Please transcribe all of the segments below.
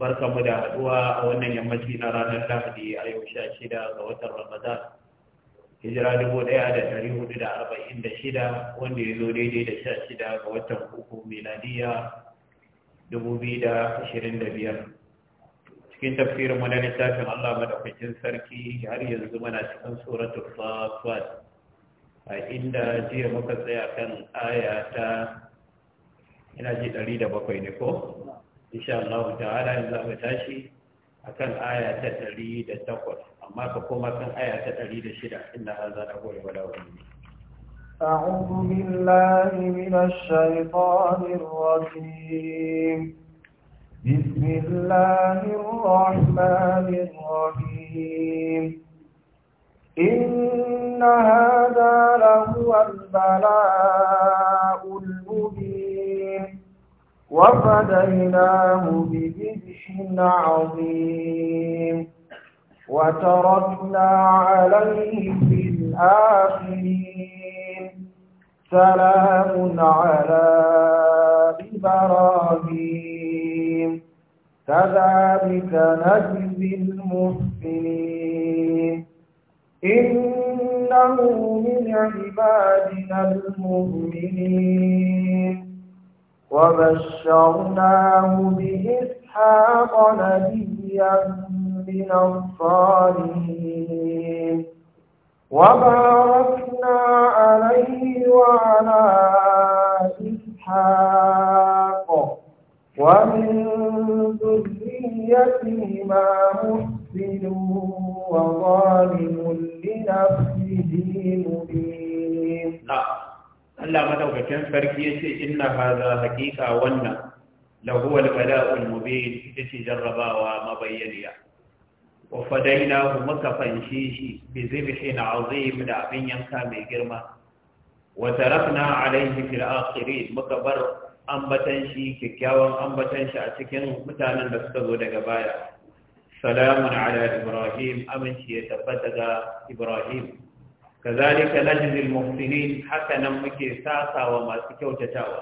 mu da haduwa a wannan yammaci na ranar lahadi a yau sha shida ga watan ramadan hijira dubu daya da dari hudu da arba'in da shida wanda ya zo daidai da sha shida ga watan uku miladiya dubu biyu da ashirin da biyar cikin tafsirin mu na littafin allah madaukakin sarki har yanzu muna cikin suratu fatiha a inda jiya muka tsaya kan aya ta ina ji ɗari da bakwai ne ko إن شاء الله تعالى إن زعمة تاشي أكن آية تتريد التقر أما كفوما كان آية تتريد الشدع إن هذا هو ولا أعوذ بالله من الشيطان الرجيم بسم الله الرحمن الرحيم إن هذا لهو البلاء المبين وفديناه بذبح عظيم وتركنا عليه في الآخرين سلام على إبراهيم كذلك نجزي المحسنين إنه من عبادنا المؤمنين وبشرناه بإسحاق نبيا من الصالحين وباركنا عليه وعلى إسحاق ومن ذريتهما محسن وظالم لنفسه مبين نعم. Allah madaukakin sarki ya ce inna haza hakika wannan lahu al-bala'ul mubin ita jarrabawa mabayyaniya wa fadainahu muka fanshi shi bi zibhin azim da abin yanka mai girma wa tarakna alayhi fil akhirin muka bar ambatan shi kikkiawan ambatan shi a cikin mutanen da suka zo daga baya salamun ala ibrahim aminci ya tabbata ga ibrahim kazalika najzil muhsinin hakanan muke sasawa masu kyautatawa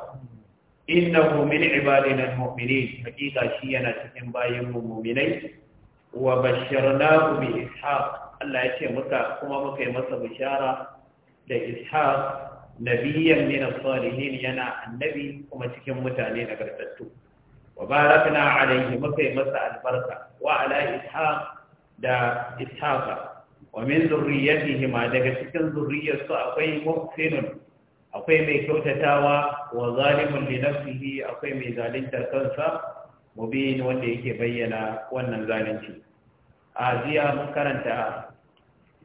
innahu min ibadina almu'minin hakika shi yana cikin bayin mu mu'minai wa basharnahu bi ishaq Allah ya ce muka kuma muka yi masa bishara da ishaq nabiyyan min as-salihin yana annabi kuma cikin mutane nagartattu wa barakna alayhi muka yi masa albarka wa ala ishaq da ishaqa wa min hima, daga cikin zurriyarsu akwai muhsinun akwai mai kyautatawa wa zalimun li nafsihi akwai mai zaluntar kansa mubin wanda yake bayyana wannan zalunci a jiya mun karanta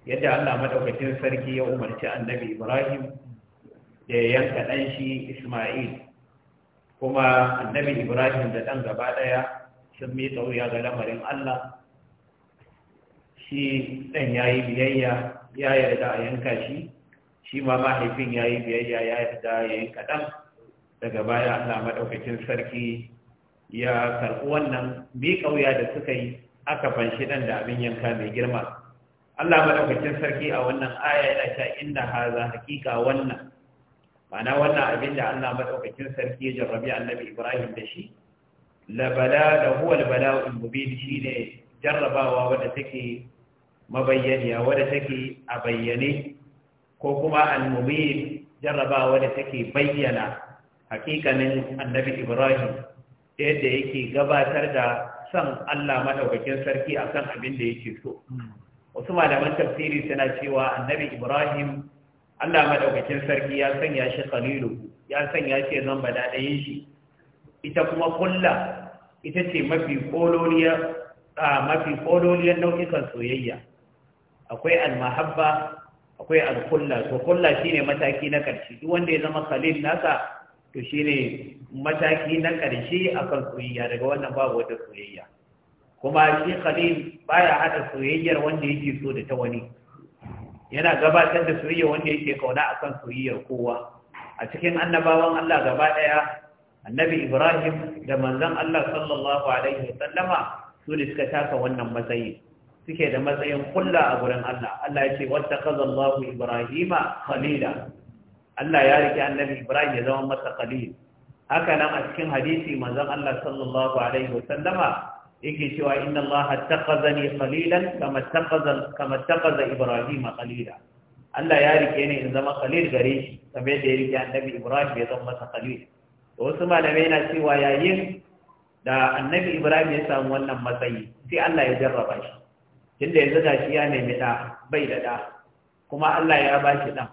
yadda Allah madaukakin sarki ya umarci annabi Ibrahim da ya yanka ɗan shi Ismail kuma annabi Ibrahim da ɗan gaba ɗaya sun miƙa wuya ga lamarin Allah shi ɗan ya yi biyayya ya yarda a yanka shi shi ma mahaifin ya yi biyayya ya yarda ya yi kaɗan daga baya allah maɗaukacin sarki ya karɓi wannan bi ƙauya da suka yi aka fanshi ɗan da abin yanka mai girma allah maɗaukacin sarki a wannan aya yana ta inda haza hakika wannan mana wannan abin da allah maɗaukacin sarki ya jarrabi annabi ibrahim da shi labala da huwa albala'ul shi ne jarrabawa wadda take mabayyaniya wadda take a bayyane ko kuma al-mubin jarrabawa wadda take bayyana hakikanin annabi ibrahim yadda yake gabatar da san Allah madaukakin sarki akan abin da yake so wasu malaman tafsiri suna cewa annabi ibrahim Allah madaukakin sarki ya sanya shi kalilu ya sanya shi zan ba daɗayin shi ita kuma kulla ita ce mafi mafi kololiyar nau'ikan soyayya akwai almahabba akwai alkulla to kulla shine mataki na ƙarshe duk wanda ya zama khalil nasa to shine mataki na ƙarshe akan soyayya daga wannan babu wata soyayya kuma shi khalil baya hada soyayyar wanda yake so da ta wani yana gabatar da soyayya wanda yake kauna akan soyayyar kowa a cikin annabawan Allah gaba daya annabi Ibrahim da manzon Allah sallallahu alaihi wasallama su ne suka taka wannan matsayi suke da matsayin kulla a gurin Allah Allah ya ce wata kazallahu ibrahima khalila Allah ya rike annabi ibrahim ya zama masa khalil haka nan a cikin hadisi manzon Allah sallallahu alaihi wasallama yake cewa inna Allah taqazani khalilan kama taqaza kama taqaza ibrahim khalila Allah ya rike ni in zama khalil gare shi kamar yadda ya rike annabi ibrahim ya zama masa khalil wasu malamai na cewa yayin da annabi ibrahim ya samu wannan matsayi sai Allah ya jarraba shi tunda yanzu ga shi ya nemi ɗa bai da ɗa kuma Allah ya ba shi ɗan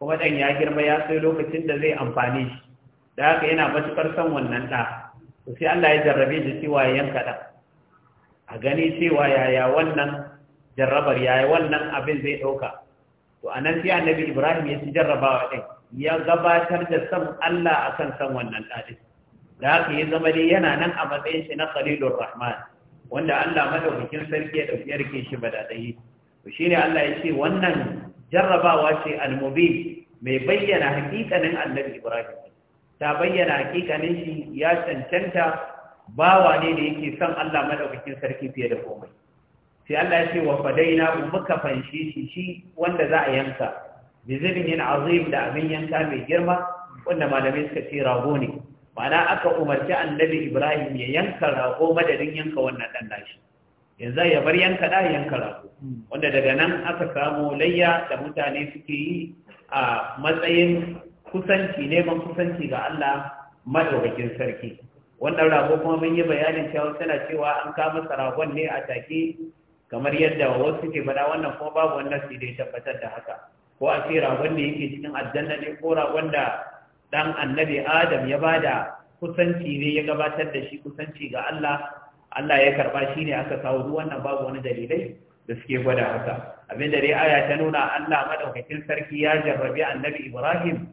kuma ɗan ya girma ya sai lokacin da zai amfani shi da haka yana matuƙar son wannan ɗa to sai Allah ya jarrabe da cewa ya yanka ɗan a gani cewa yaya wannan jarrabar yaya wannan abin zai ɗauka to a nan sai annabi ibrahim ya ci jarrabawa ɗin ya gabatar da san Allah akan son wannan ɗa ɗin da haka ya zama dai yana nan a matsayin shi na khalilur rahman wanda Allah madaukakin sarki ya dauki yarke shi badadai to shine Allah ya ce wannan jarrabawa ce al-mubin mai bayyana hakikanin annabi Ibrahim ta bayyana hakikanin shi ya cancanta bawa ne da yake son Allah madaukakin sarki fiye da komai sai Allah ya ce wa fadaina muka fanshi shi shi wanda za a yanka bizibin azim da abin yanka mai girma wanda malamai suka ce rago ne ma'ana aka umarci annabi ibrahim ya yanka rago madadin yanka wannan ɗan nashi yanzu ya bar yanka da yanka rago wanda daga nan aka samu layya da mutane suke yi a matsayin kusanci neman kusanci ga Allah madaukakin sarki wannan rago kuma mun yi bayanin cewa tana cewa an kama masa ragon ne a take kamar yadda wasu suke faɗa wannan kuma babu wannan su dai tabbatar da haka ko a ce ragon da yake cikin aljanna ne ko ragon da dan annabi adam ya bada kusanci ne ya gabatar da shi kusanci ga Allah Allah ya karba shi ne aka kawo duk wannan babu wani dalilai da suke gwada haka abinda dai aya ta nuna Allah madaukakin sarki ya jarrabi annabi Ibrahim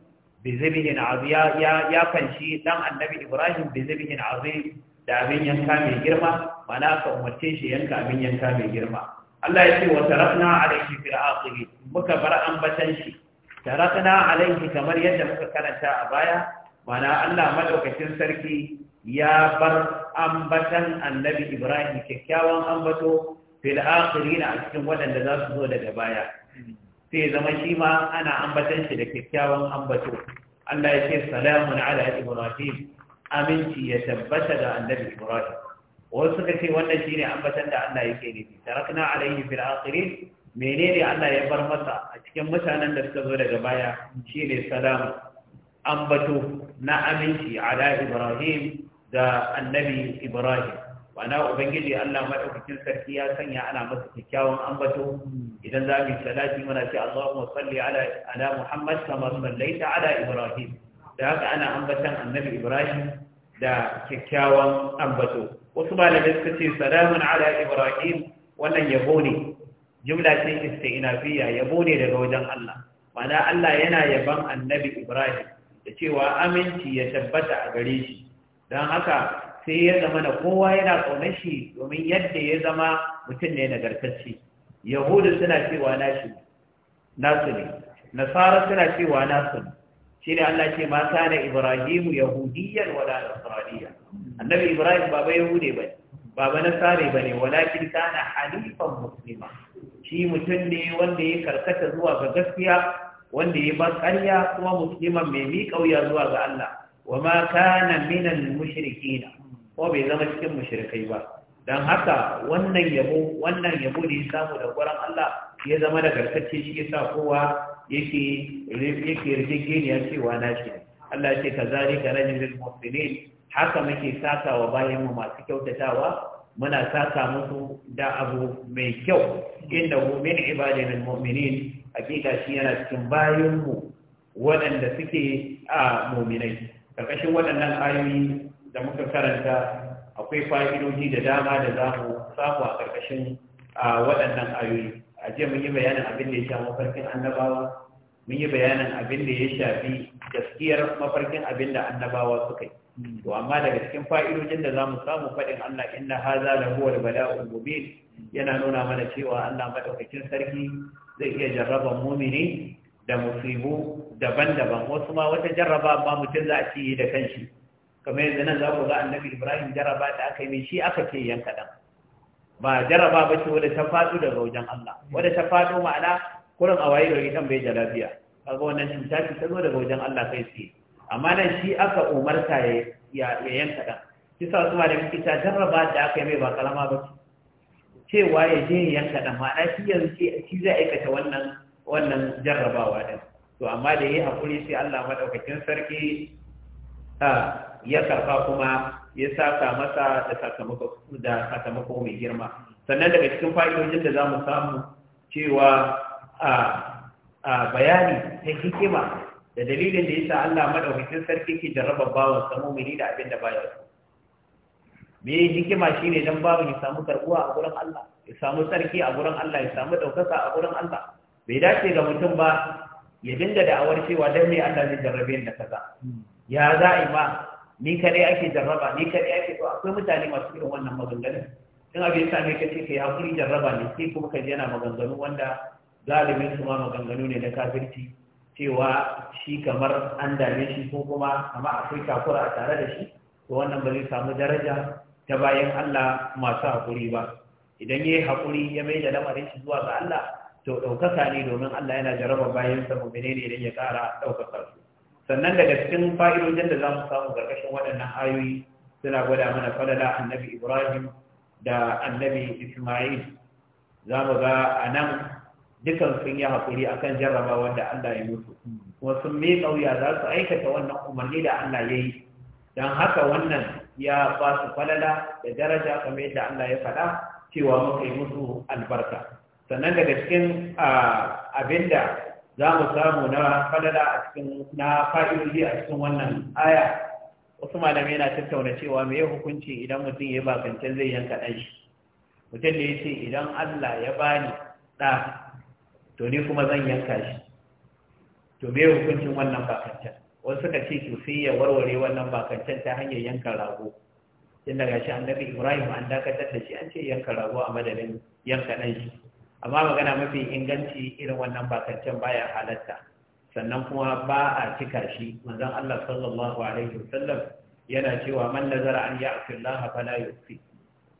bi zabihin azim ya ya fanshi dan annabi Ibrahim bi zabihin azim da abin yanka mai girma mana ka umarce shi yanka abin yanka mai girma Allah ya ce wa tarafna alaihi fil aqib muka bar ambatan shi tarakna alaihi kamar yadda muka karanta a baya mana Allah madaukakin sarki ya bar ambatan annabi Ibrahim kyakkyawan ambato fil akhirin a cikin waɗanda za su zo daga baya sai zama shi ma ana ambatan shi da kyakkyawan ambato Allah ya ce salamun ala Ibrahim aminci ya tabbata ga annabi Ibrahim wasu suka ce wannan shine ambatan da Allah yake nufi tarakna alaihi fil akhirin menene Allah ya bar masa a cikin mutanen da suka zo daga baya shine salam ambato na aminci ala Ibrahim da annabi Ibrahim wana ubangiji Allah madaukakin sarki ya sanya ana masa kyakkyawan ambato idan za mu salati muna ce Allahumma salli ala ala Muhammad kama sallaita ala Ibrahim da haka ana ambatan annabi Ibrahim da kyakkyawan ambato wasu malamai suka ce salamun ala Ibrahim wannan yabo ne jumla ce istighnafiya yabo ne daga wajen Allah mana Allah yana yaban annabi Ibrahim da cewa aminci ya tabbata a gare shi don haka sai ya zama na kowa yana ƙaunar shi domin yadda ya zama mutum ne nagartacce yahudu suna cewa nashi nasu ne nasara suna cewa nasu ne shi ne Allah ce ma kana ibrahimu yahudiyan wala nasraniya annabi ibrahim baba yahude bane baba nasare bane walakin kana halifan muslima shi mutum ne wanda ya karkata zuwa ga gaskiya wanda ya bar ƙarya kuma musliman mai mi wuya zuwa ga Allah wa ma kana minan mushrikina ko bai zama cikin mushrikai ba dan haka wannan yabo wannan yabo da ya samu da gurin Allah ya zama da karkace shi yasa kowa yake yake yarjejeniya cewa na shi Allah ya ce kazalika rajulul mu'minin haka muke sakawa bayan mu masu kyautatawa muna saka musu da abu mai kyau inda hu min ibadin al-mu'minin hakika shi yana cikin bayan mu waɗanda suke a mu'minai karkashin waɗannan ayoyi da muka karanta akwai fa'idoji da dama da za mu samu a karkashin waɗannan ayoyi a jiya mun yi bayanin abin da ya shafi mafarkin annabawa mun yi bayanin abin da ya shafi gaskiyar mafarkin abin da annabawa suka yi to amma daga cikin fa'idojin da zamu samu fadin Allah inna hadha al bala'u al mubin yana nuna mana cewa Allah madaukakin sarki zai iya jarraba mumini da musibu daban-daban wasu ma wata jarraba ba mutum za a ci da kanshi kamar yanzu nan za ku ga annabi ibrahim jarraba da aka yi shi aka ke yan kaɗan ba jarraba ba ce wadda ta faɗo daga wajen allah wadda ta faɗo ma'ana kurin a da gari bai da lafiya kaga wannan cuta ce ta zo daga wajen allah kai tsaye amma nan shi aka umarta ya yanka ɗan kisa kuma da muke ta jarraba da aka yi mai ba kalama ba ce cewa ya je ya yanka ɗan ma'ana shi yanzu shi zai aikata wannan wannan jarrabawa ɗin to amma da yi hakuri sai Allah maɗaukakin sarki ya karfa kuma ya saka masa da sakamako da sakamako mai girma sannan daga cikin fa'idojin da za mu samu cewa a bayani ta hikima da dalilin da yasa Allah madaukakin sarki ke jarraba bawan sa mu'mini da abin da baya su me hikima shine dan bawan ya samu karbuwa a gurin Allah ya samu sarki a gurin Allah ya samu daukaka a gurin Allah bai dace ga mutum ba ya dinga awar cewa dan me Allah zai jarrabe ni da kaza ya za a yi ma ni kadai ake jarraba ni kadai ake to akwai mutane masu irin wannan maganganun in abin sa ne kace kai hakuri jarraba ne sai kuma kaje yana maganganu wanda galibin su ma maganganu ne na kafirci cewa shi kamar an dame shi ko kuma amma akwai takura a tare da shi to wannan ba zai samu daraja ta bayan Allah masu haƙuri ba idan ya yi haƙuri ya mai da lamarin shi zuwa ga Allah to ɗaukaka ne domin Allah yana jaraba bayan sa bene ne idan ya ƙara ɗaukaka su sannan daga cikin fa'idojin da za mu samu ƙarƙashin waɗannan ayoyi suna gwada mana falala annabi Ibrahim da annabi Ismail za mu ga a nan dukan sun yi haƙuri akan jarraba wanda Allah ya mutu kuma sun mai ƙauya za su aikata wannan umarni da Allah ya yi don haka wannan ya ba su falala da daraja kamar yadda Allah ya faɗa cewa muka yi musu albarka sannan daga cikin abinda za mu samu na falala a cikin na fa'idoji a cikin wannan aya wasu malamai yana tattauna cewa me hukunci idan mutum ya magance zai yanka ɗan shi mutum da ya ce idan Allah ya bani ɗa to ni kuma zan yanka shi to me hukuncin wannan bakancan wasu suka ce to sai ya warware wannan bakancan ta hanyar yanka rago tun daga shi annabi ibrahim an dakatar da shi an ce yanka rago a madadin yanka ɗan shi amma magana mafi inganci irin wannan bakancan baya halatta sannan kuma ba a cika shi manzon allah sallallahu alaihi wasallam yana cewa man nazara an ya'fi allah fala yufi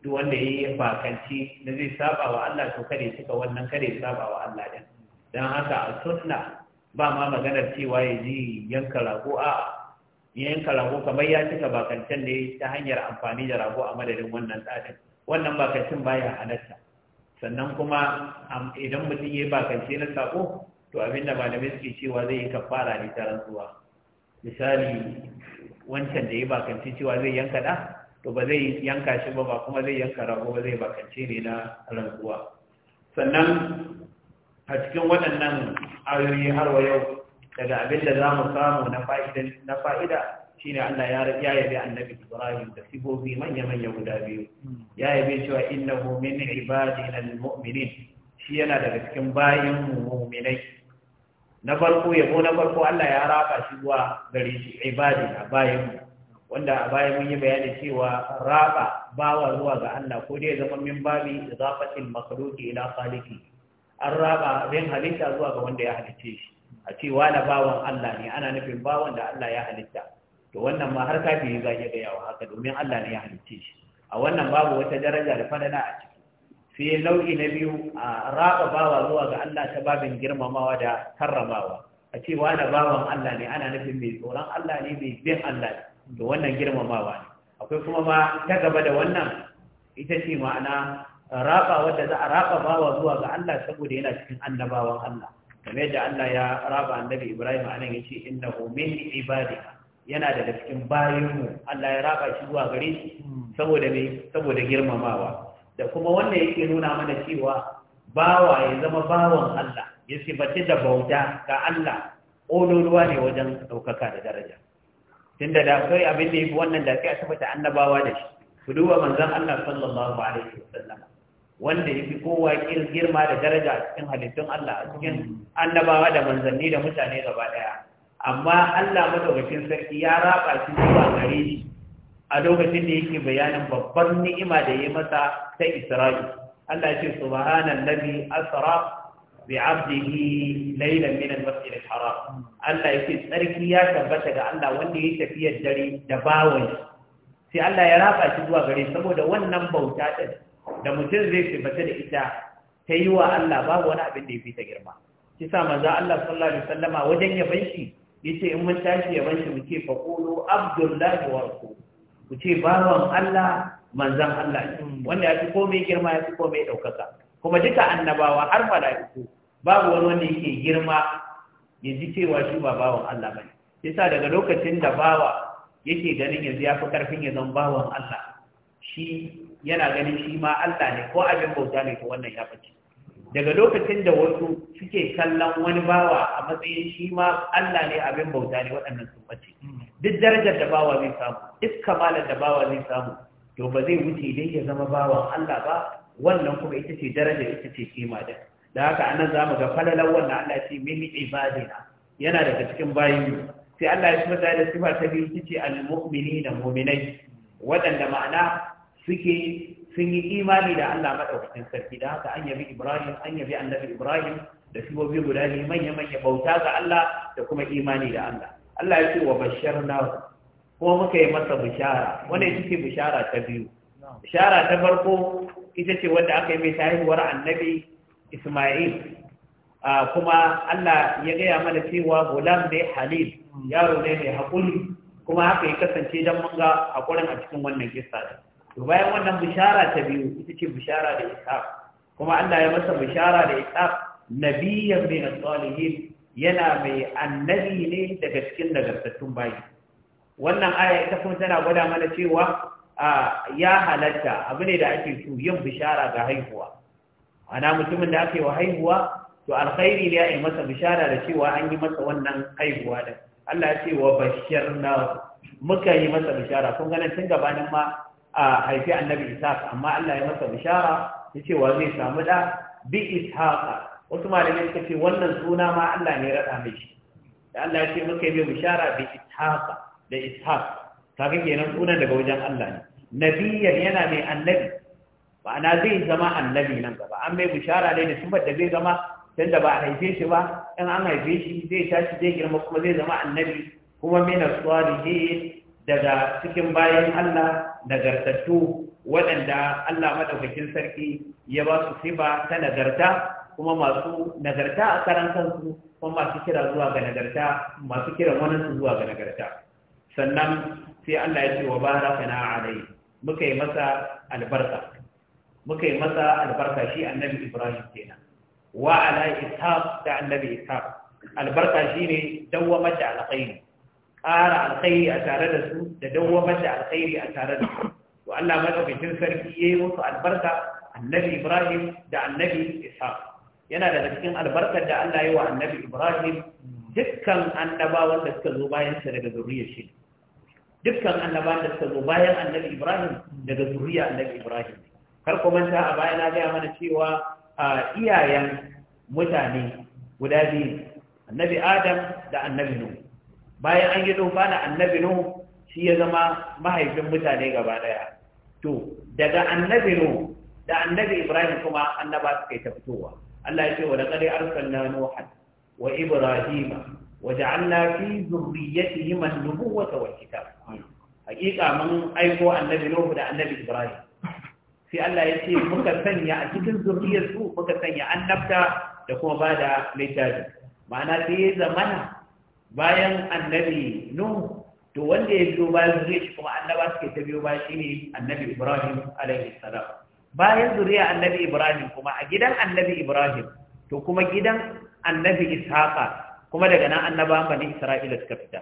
duk wanda ya yi bakanci na zai saba wa Allah to kare suka wannan kare saba wa Allah din dan haka a sunna ba ma maganar cewa ya yanka rago a yanka rago kamar ya cika bakancen ne ta hanyar amfani da rago a madadin wannan tsadin wannan bakancin baya halatta sannan kuma idan mutum ya yi bakance na sako to abinda malamai suke cewa zai yi kafara ne ta rantsuwa misali wancan da ya bakanci cewa zai yanka da to ba zai yanka shi ba ba kuma zai yanka rago ba zai bakance ne na rantsuwa sannan a cikin waɗannan ayoyi har wa yau daga abin da za mu samu na fa'ida shi ne Allah ya yabe annabi Ibrahim da sibobi manya-manya guda biyu ya yabe cewa innahu min ibadina al-mu'minin shi yana daga cikin bayin mu'minai na farko yabo na farko Allah ya raba shi zuwa gare shi ibadina bayin mu wanda a baya mun yi bayanin cewa raba bawa zuwa ga Allah ko dai zama min babi idafatil makhluqi ila khaliqi an raba bin halitta zuwa ga wanda ya halicce shi a cewa na bawan Allah ne ana nufin bawan da Allah ya halitta to wannan ma har kafin za ya ga yawa haka domin Allah ne ya halicce shi a wannan babu wata daraja da fadana a ciki sai nau'i na biyu a raba bawa zuwa ga Allah ta babin girmamawa da karramawa a cewa na bawan Allah ne ana nufin mai tsoron Allah ne mai bin Allah ne Da wannan girmamawa ne akwai kuma ma ta gaba da wannan ita ce ma'ana raba wadda za a raba bawa zuwa ga Allah saboda yana cikin annabawan Allah kamar yadda Allah ya raba annabi Ibrahim a anan yace innahu min ibadina yana daga cikin bayinmu Allah ya raba shi zuwa gare shi saboda me saboda girmamawa da kuma wannan yake nuna mana cewa bawa ya zama bawan Allah ya sifatu da bauta ga Allah ololuwa ne wajen ɗaukaka da daraja tunda da abin da ya fi wannan da kai a tabbata annabawa da shi ku duba manzon Allah sallallahu alaihi wasallam wanda yafi kowa girma da daraja a cikin halittun Allah a cikin annabawa da manzanni da mutane gaba daya amma Allah madaukakin sarki ya raba shi zuwa gare shi a lokacin da yake bayanin babban ni'ima da ya masa ta Isra'i Allah ya ce subhanallazi asra بعبده ليلا من المسجد الحرام الله يكي تسركي يا تبتا ga Allah wanda yake tafiyar dare da bawai sai Allah ya rafa shi zuwa gare saboda wannan bauta din da mutum zai tabbata da ita ta yi wa Allah babu wani abin da yafi ta girma kisa manzo Allah sallallahu alaihi wasallama wajen ya banshi yace in mun tashi ya banshi muke fa qulu abdullahi wa Allah Allah ya fi girma ya fi komai ɗaukaka. kuma duka annabawa har malaiku babu wani wanda yake girma ya ji cewa shi ba bawan Allah bane yasa daga lokacin da bawa yake ganin yanzu ya fi ƙarfin ya zama bawan Allah shi yana ganin shi ma Allah ne ko abin bauta ne ko wannan ya fice daga lokacin da wasu suke kallon wani bawa a matsayin shi ma Allah ne abin bauta ne waɗannan sun bace duk darajar da bawa zai samu duk kamalar da bawa zai samu to ba zai wuce dai ya zama bawan Allah ba wannan kuma ita ce daraja ita ce kima da da haka anan zamu ga falalan wannan Allah ce min ibadina yana daga cikin bayin sai Allah ya kuma da sifa ta biyu tace al da mu'minai waɗanda ma'ana suke sun yi imani da Allah madaukakin sarki da haka an yabi Ibrahim an yabi annabi Ibrahim da biyu guda ne manya manya bauta ga Allah da kuma imani da Allah Allah ya ce wa basharna kuma muka yi masa bishara wannan ita ce bishara ta biyu bishara ta farko ita ce wanda aka yi mai haihuwar annabi Ismail ah, kuma Allah ya gaya mana cewa gulam ne halil yaro ne mai haƙuri kuma haka ya kasance don mun ga haƙurin a cikin wannan kissa to bayan wannan bishara ta biyu ita ce bishara da ishaq kuma Allah ya masa bishara da ishaq nabiyyan min as-salihin yana mai annabi ne daga cikin nagartattun bayi wannan aya ita kuma tana gwada mana cewa ah, ya halatta abu ne da ake so yin bishara ga haihuwa ana mutumin da aka wa haihuwa to alkhairi ne ya yi masa bishara da cewa an yi masa wannan haihuwa da Allah ya ce wa bashir na muka yi masa bishara kun ganin tun gabanin ma a haifi annabi ishaq amma Allah ya masa bishara ya ce wa zai samu da bi ishaqa wasu malamai suka ce wannan suna ma Allah ne raɗa mishi. da Allah ya ce muka yi bishara bi ishaqa da ishaq kaga kenan sunan daga wajen Allah ne Nabiyan yana mai annabi ma'ana zai zama annabi nan gaba an mai bishara ne da sifar da zai zama tun da ba a haife shi ba in an haife shi zai tashi zai girma kuma zai zama annabi kuma mina ne daga cikin bayan Allah nagartattu waɗanda Allah maɗaukakin sarki ya ba su siba ta nagarta kuma masu nagarta a karan kansu kuma masu kira zuwa ga nagarta masu kira wani su zuwa ga nagarta sannan sai Allah ya ce wa baraka na alai muka yi masa albarka مكي مسا البركة شيء النبي إبراهيم كينا وعلى إثاب دع النبي إثاب البركة شيء دو مجع لقيم قال القي أتاردس دو مجع القيم أتاردس وألا ما تبي تنفر فيه البركة النبي إبراهيم دع النبي إثاب ينا لذلكين البركة دع الله يوع النبي إبراهيم دكم أن نبا ولدك الزباين سنجد ذرية شيء دكم أن نبا ولدك الزباين النبي إبراهيم نجد ذرية النبي إبراهيم har ku manta a baya na gaya mana cewa a iyayen mutane guda biyu annabi adam da annabi nuhu bayan an yi tsufa na annabi nuhu shi ya zama mahaifin mutane gaba daya to daga annabi nuhu da annabi ibrahim kuma annaba suka yi ta fitowa Allah ya ce wa laqad arsalna nuha wa ibrahima wa ja'alna fi dhurriyyatihima an-nubuwwata wal kitab hakika mun aiko annabi nuhu da annabi ibrahim sai Allah ya ce muka sanya a cikin zuriyar su muka sanya annabta da kuma ba da littafi ma'ana sai ya zamana bayan annabi nuhu to wanda ya biyo bayan zuriya shi kuma annaba suke ta biyo baya shine annabi ibrahim alaihi salam bayan zuriya annabi ibrahim kuma a gidan annabi ibrahim to kuma gidan annabi ishaqa kuma daga nan annabawan bani isra'ila suka fita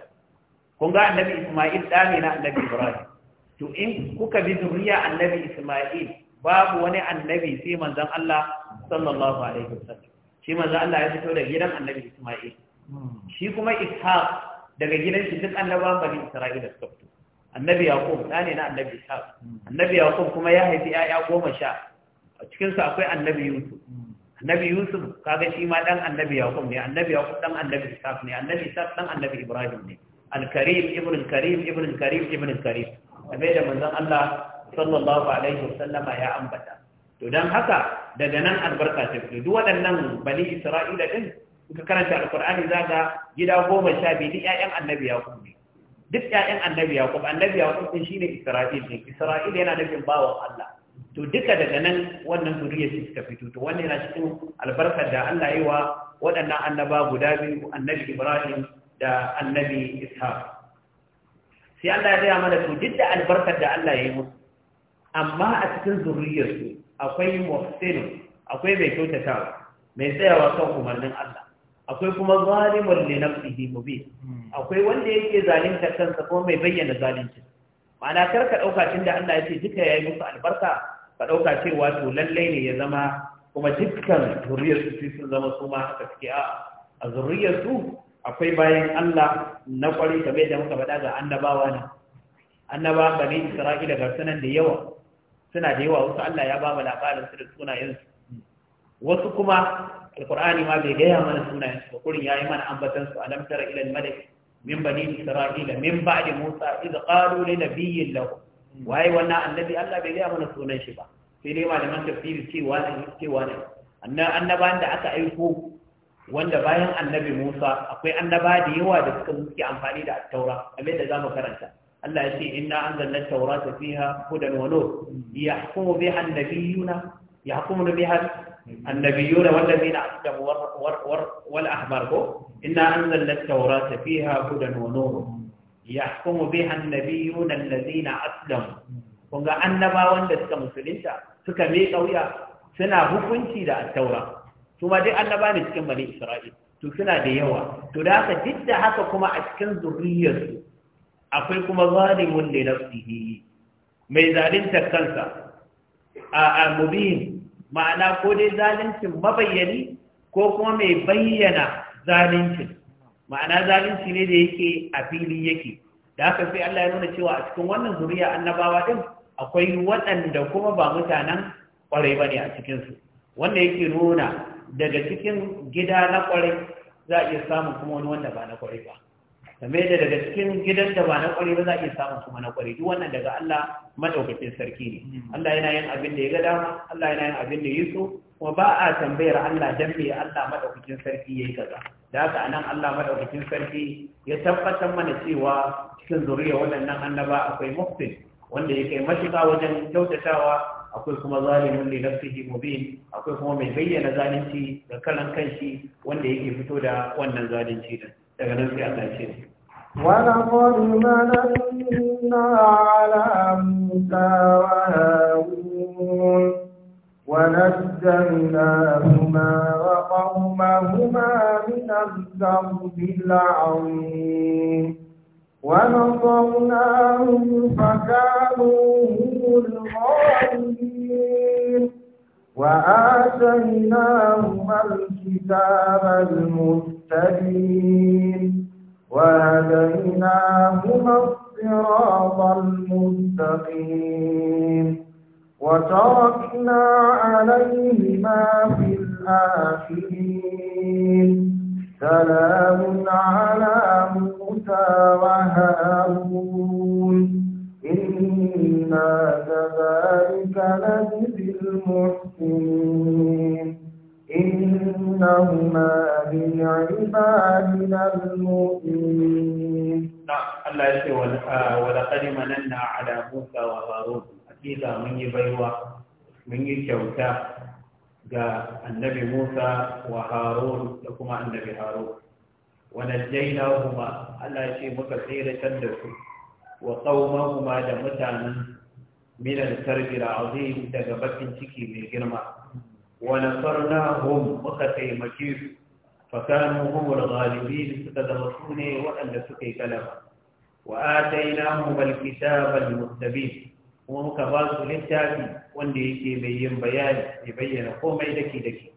kun ga annabi isma'il ɗa ne na annabi ibrahim to in kuka bi zuriya annabi Isma'il babu wani annabi sai manzon Allah sallallahu alaihi wasallam shi manzon Allah ya fito daga gidan annabi Isma'il shi kuma Ishaq daga gidan shi duk annabawan bani Isra'ila suka fito annabi Yaqub da ne na annabi Ishaq annabi Yaqub kuma ya haifi yaya goma sha a cikin su akwai annabi Yusuf annabi Yusuf kaga shi ma dan annabi Yaqub ne annabi Yaqub dan annabi Ishaq ne annabi Ishaq dan annabi Ibrahim ne al-Karim ibn al-Karim ibn al-Karim ibn al-Karim game da manzon Allah sallallahu alaihi wasallama ya ambata to dan haka daga nan albarka ta fito duk waɗannan bani Isra'ila din suka karanta za ga gida goma sha biyu duk ƴaƴan annabi ku ne duk ƴaƴan annabi Yaqub annabi Yaqub din shine Isra'il ne Isra'il yana nufin bawa Allah to duka daga nan wannan zuriya ce suka fito to wannan yana cikin albarkar da Allah yi wa waɗannan annaba guda biyu annabi Ibrahim da annabi Ishaq sai Allah ya gaya mana to duk da albarkar da Allah ya yi musu amma a cikin zuriyarsu akwai muhsin akwai mai kyautatawa mai tsayawa kan umarnin Allah akwai kuma zalimul li nafsihi mubin hmm. akwai wanda yake zalunta kansa ko mai bayyana zalunci ma'ana kar ka dauka tunda Allah ya ce duka yayi musu albarka ka dauka cewa to lalle ne ya zama kuma dukkan zuriyarsu su sun zama su ma haka suke a zuriyarsu? akwai bayan Allah na kwari kamar da muka faɗa ga annabawa ne annabawan bani Isra'ila ga sunan da yawa suna da yawa wasu Allah ya ba mu labarin su da sunayen su wasu kuma alqur'ani ma bai gaya mana sunayen su kurin yayi mana ambatan su alam tara ila al-malik min bani Isra'ila min ba'di Musa idh qalu li nabiyyin lahu waye wannan annabi Allah bai gaya mana sunan shi ba sai dai malaman tafsiri cewa ne cewa ne annabawan da aka aiko wanda bayan annabi Musa akwai annaba da yawa da suka suke amfani da taura abin da za mu karanta Allah ya ce inna anzalna at fiha hudan wa nur yahkumu biha an yahkumu biha an wal ladina aslamu wal ahbar ko inna anzalna at fiha hudan wa nur yahkumu biha an-nabiyuna alladhina aslamu kun ga annabawan da suka musulunta suka mai kauya suna hukunci da at-taura su ma dai annaba ne cikin bani isra'il to suna da yawa to da haka duk da haka kuma a cikin zuriyarsu akwai kuma zalimun da nafsihi mai zalunta kansa a al-mubin ma'ana ko dai zaluncin mabayyani ko kuma mai bayyana zaluncin ma'ana zalunci ne da yake a fili yake da haka sai Allah ya nuna cewa a cikin wannan zuriya annabawa din akwai waɗanda kuma ba mutanen ƙwarai ba ne a cikinsu wanda yake nuna daga cikin gida na kwarai za a iya samun kuma wani wanda ba na kwarai ba kamar da daga cikin gidan da ba na kwarai ba za a iya samun kuma na kwarai duk wannan daga Allah madaukakin sarki ne Allah yana yin abin da ya ga dama Allah yana yin abin da ya so kuma ba a tambayar Allah dan me Allah madaukakin sarki yayi kaza da haka anan Allah madaukakin sarki ya tabbatar mana cewa cikin zuriya waɗannan annaba akwai muhsin wanda ya kai matuƙa wajen kyautatawa akwai kuma zalimin li nafsihi mubin akwai kuma mai bayyana zalunci da kalan kanshi wanda yake fito da wannan zalunci din daga nan sai Allah ya ce ولقد مننا على موسى وهارون ونجيناهما وقومهما من الكرب العظيم ونصرناهم فكانوا هم الغالبين وآتيناهما الكتاب المستبين وهديناهما الصراط المستقيم وتركنا عليهما في الآخرين سلام على موسى وهارون إنا كذلك نجزي المحسنين إنهما من عبادنا المؤمنين Allah ya ce wa da kari manan na ala Musa wa Haruna, a mun yi baiwa, mun yi kyauta, ga annabi Musa wa Harun da kuma annabi Harun jaina kuma Allah ce muka tsiratar da su wa kuma da mutanen min al-karbi daga bakin ciki mai girma farna nasarnahum muka taimake su fa kanu hum suka zama sune waɗanda suka yi kalama wa atainahum al-kitaba kuma muka ba su littafi wanda yake mai yin bayani ya bayyana komai dake dake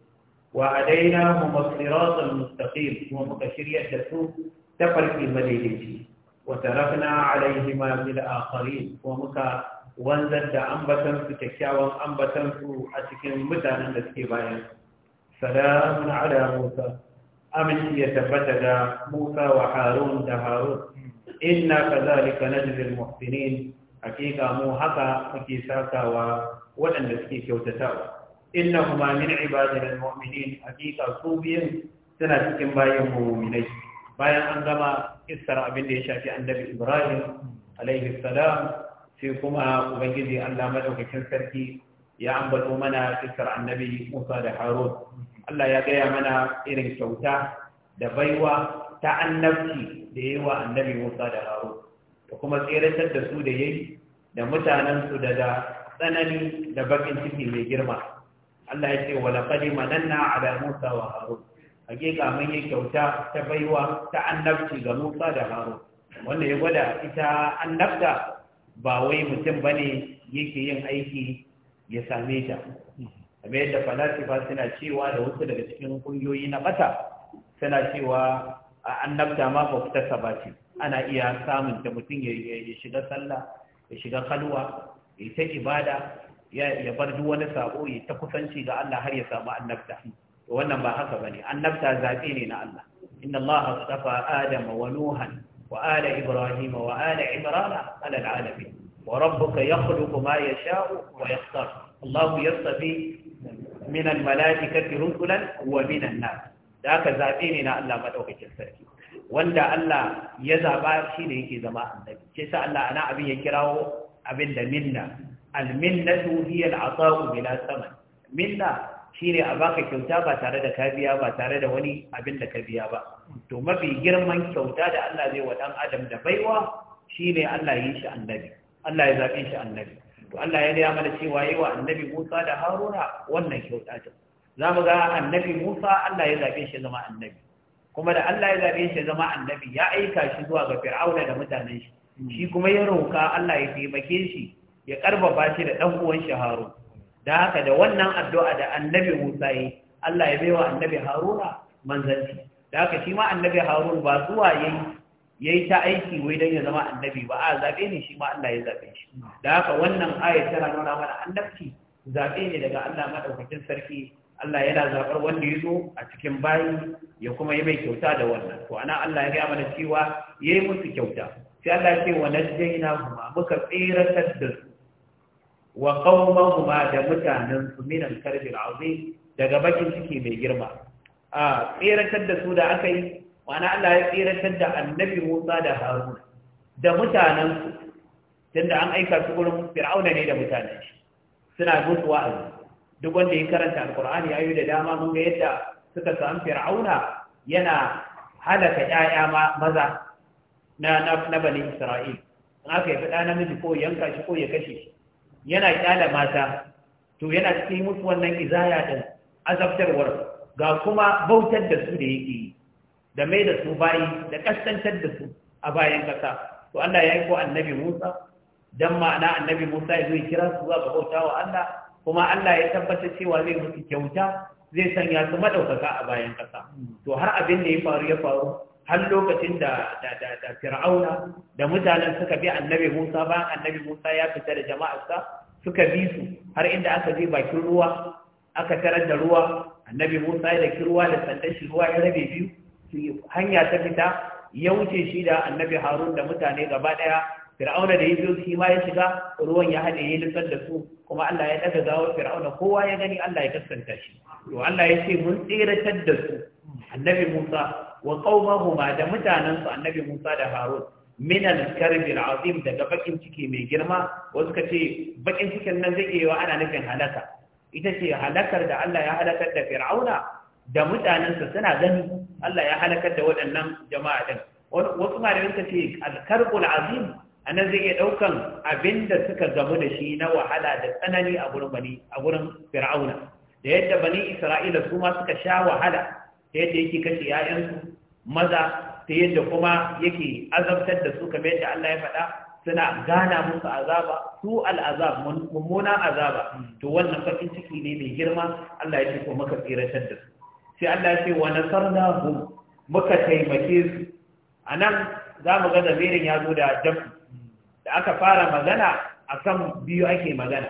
wa adaina mu masiratul mustaqim kuma muka shirya da su ta farki madaidaici wa tarafna alaihima bil akharin kuma muka wanzar da ambatan su kyakkyawan ambatan su a cikin mutanen da suke bayan salamun ala musa aminci ya tabbata da musa wa harun da harun inna kazalika najzi muhsinin hakika mu haka muke sakawa waɗanda suke kyautatawa kuma min ibadina almu'minin hakika su biyan suna cikin bayan mu'minai bayan an gama kissar abin da ya shafi annabi Ibrahim alaihi salam sai kuma ubangiji Allah madaukakin sarki ya ambato mana fiskar annabi Musa da Harun. Allah ya gaya mana irin kyauta da baiwa ta annabci da yi wa annabi Musa da Harun. da kuma tseratar da su da yayi da mutanensu daga tsanani da bakin ciki mai girma Allah ya ce wa laqad mananna ala Musa wa Harun hakika mun yi kyauta ta baiwa ta annabci ga Musa da Harun wanda ya gwada ita annabta ba wai mutum bane yake yin aiki ya same ta kamar yadda falasifa suna cewa da wasu daga cikin kungiyoyi na bata suna cewa a annabta ma ba ta ce ana iya samun ta mutum ya shiga sallah ya shiga kalwa ya ta ibada ya bar duk wani sabo ya ta kusanci ga Allah har ya samu annabta wannan ba haka bane annabta zabe ne na Allah inna Allah astafa Adam wa Nuhan wa ala Ibrahim wa ala Imran ala alamin wa rabbuka yakhluqu ma yasha'u wa yakhtar Allah yastafi min al-mala'ikati rusulan wa min an-nas da haka zabe ne na Allah madaukakin sarki wanda Allah ya zaba shi ne yake zama annabi sai sa Allah ana abin ya kirawo abin da minna alminnatu hiya al'ata'u bila saman minna shine a baka kyauta ba tare da kabiya, biya ba tare da wani abin da ka biya ba to mafi girman kyauta da Allah zai wa dan adam da baiwa shine Allah yi shi annabi Allah ya zabe shi annabi to Allah ya mana cewa yi wa annabi Musa da Haruna wannan kyauta ta zamu ga annabi Musa Allah ya zabe shi zama annabi kuma da Allah ya zabe shi zama annabi ya aika shi zuwa ga fir'auna da mutanen shi shi kuma ya roka Allah ya taimake shi ya karfafa shi da dan uwan shi Harun da haka da wannan addu'a da annabi Musa yi Allah ya baiwa annabi Haruna manzanci da haka shi ma annabi Harun ba zuwa yayi yayi ta aiki wai dan ya zama annabi ba a zaɓe ne shi ma Allah ya zaɓe shi da haka wannan ayat tana nuna mana annabci zaɓe ne daga Allah madaukakin sarki Allah yana zaɓar wanda ya zo a cikin bayi ya kuma yi mai kyauta da wannan to ana Allah ya gaya mana cewa ya yi musu kyauta sai Allah ce wa ina huma muka tsiratar da su wa qaumahuma da mutanen su minan karfin aure daga bakin ciki mai girma a tsiratar da su da aka yi ma'ana Allah ya tsiratar da annabi Musa da Harun da mutanen su tunda an aika su gurin Fir'auna ne da mutanen shi suna a zuwa duk wanda ya karanta alkur'ani ayu da dama mun ga yadda suka samu fir'auna yana halaka ƴaƴa maza na na, na bani isra'il in aka yi ɗa namiji ko yanka shi ko ya kashe shi yana ƙyala mata to yana cikin musu wannan izaya din azabtarwar ga kuma bautar da su da yake yi da mai da su bayi da kasantar da su a bayan ƙasa. to Allah ya yi ko annabi Musa dan ma'ana annabi Musa ya zo ya kira su zuwa ga bautawa Allah kuma Allah ya tabbata cewa zai musu kyauta zai sanya su madaukaka a bayan ƙasa to har abin da ya faru ya faru har lokacin da da fir'auna da mutanen suka bi annabi Musa bayan annabi Musa ya fita da jama'arsa suka bi su har inda aka je bakin ruwa aka tarar da ruwa annabi Musa ya daki ruwa da sandan shi ruwa ya rabe biyu hanya ta fita ya wuce shi da annabi Harun da mutane gaba daya fir'auna da ya biyo shi ma ya shiga ruwan ya hade ya lissar da su kuma Allah ya daga gawan fir'auna kowa ya gani Allah ya kaskanta shi to Allah ya ce mun tsiratar da su annabi Musa wa qaumahuma da mutanen su annabi Musa da Harun min al-karbi al-azim daga bakin ciki mai girma wasu kace bakin cikin nan zai iya ana nufin halaka ita ce halakar da Allah ya halakar da fir'auna da mutanensa suna gani Allah ya halakar da waɗannan jama'a din wasu malamin ka ce al-karbul azim Anan zai iya ɗaukan abinda suka gamu da shi na wahala da tsanani a gurin bani a gurin fir'auna da yadda bani isra'ila su ma suka sha wahala ta yadda yake kashe 'ya'yansu maza ta yadda kuma yake azabtar da su kamar yadda Allah ya faɗa suna gana musu azaba su al'azab mummunan azaba to wannan farin ciki ne mai girma Allah ya ce ko muka tsiratar da su sai Allah ya ce wa nasarnahum muka taimake su anan za mu ga zamirin ya zo da dafu. da aka fara magana a kan biyu ake magana